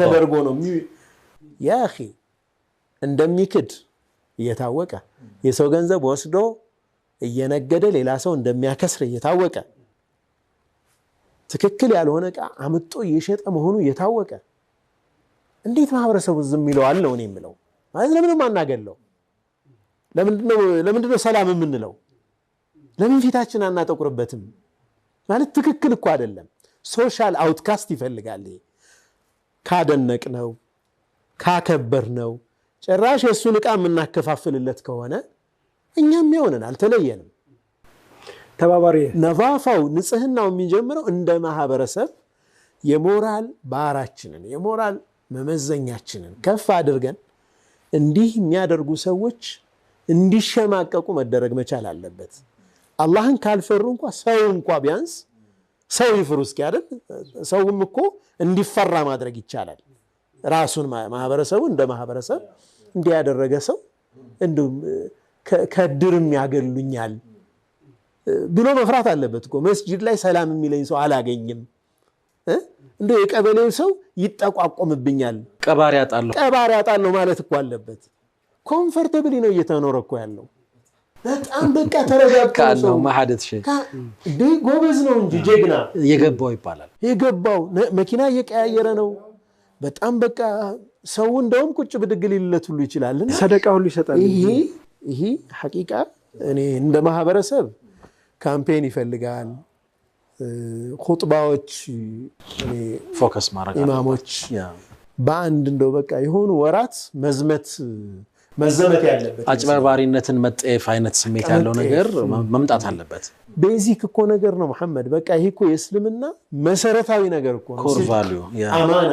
ተደርጎ ነው ያ እንደሚክድ እየታወቀ የሰው ገንዘብ ወስዶ እየነገደ ሌላ ሰው እንደሚያከስር እየታወቀ ትክክል ያልሆነ እቃ አምጦ እየሸጠ መሆኑ እየታወቀ እንዴት ማህበረሰቡ ዝም ይለዋል? ነው እኔ የምለው። ማለት ለምንም አናገለው? ለምንድነው ሰላም የምንለው? ለምን ፊታችን አናጠቁርበትም? ማለት ትክክል እኮ አይደለም። ሶሻል አውትካስት ይፈልጋል ይሄ። ካደነቅ ነው ካከበር ነው ጭራሽ የእሱን ዕቃ የምናከፋፍልለት ከሆነ እኛም የሆነን አልተለየንም። ተባባሪ ነፋፋው ንጽህናው የሚጀምረው እንደ ማህበረሰብ የሞራል ባህራችንን የሞራል መመዘኛችንን ከፍ አድርገን እንዲህ የሚያደርጉ ሰዎች እንዲሸማቀቁ መደረግ መቻል አለበት። አላህን ካልፈሩ እንኳ ሰው እንኳ ቢያንስ ሰው ይፍሩ እስኪ አይደል ሰውም እኮ እንዲፈራ ማድረግ ይቻላል። ራሱን ማህበረሰቡ እንደ ማህበረሰብ እንዲያደረገ ሰው እንዲሁም ከድርም ያገሉኛል ብሎ መፍራት አለበት እኮ። መስጂድ ላይ ሰላም የሚለኝ ሰው አላገኝም፣ እንደ የቀበሌው ሰው ይጠቋቆምብኛል፣ ቀባሪ አጣለሁ ማለት እኮ አለበት። ኮምፈርተብሊ ነው እየተኖረ እኮ ያለው። በጣም በቃ ተረጋግቶ ጎበዝ ነው እንጂ ጀግና የገባው ይባላል። የገባው መኪና እየቀያየረ ነው። በጣም በቃ ሰው እንደውም ቁጭ ብድግ ሊለት ሁሉ ይችላል። ሰደቃ ሁሉ ይሰጣል። ይሄ ሐቂቃ እኔ እንደ ማህበረሰብ ካምፔን ይፈልጋል። ሁጥባዎች ፎከስ ማድረግ ኢማሞች በአንድ እንደው በቃ የሆኑ ወራት መዝመት መዘመት ያለበት አጭበርባሪነትን መጠየፍ አይነት ስሜት ያለው ነገር መምጣት አለበት። ቤዚክ እኮ ነገር ነው መሐመድ። በቃ ይህ እኮ የእስልምና መሰረታዊ ነገር እኮ አማና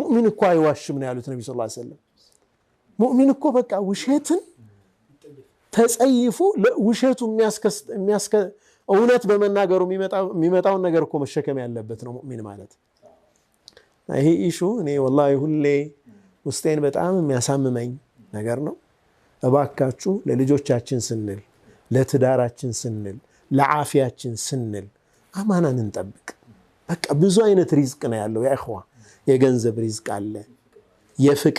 ሙእሚን እኮ አይዋሽም ነው ያሉት ነቢ ስላ ሰለም። ሙእሚን እኮ በቃ ውሸትን ተጸይፎ ውሸቱ እውነት በመናገሩ የሚመጣውን ነገር እኮ መሸከም ያለበት ነው ሙእሚን ማለት። ይሄ ኢሹ እኔ ወላሂ ሁሌ ውስጤን በጣም የሚያሳምመኝ ነገር ነው። እባካችሁ ለልጆቻችን ስንል፣ ለትዳራችን ስንል፣ ለዓፊያችን ስንል አማናን እንጠብቅ። በቃ ብዙ አይነት ሪዝቅ ነው ያለው። ያ የገንዘብ ሪዝቅ አለ የፍቅር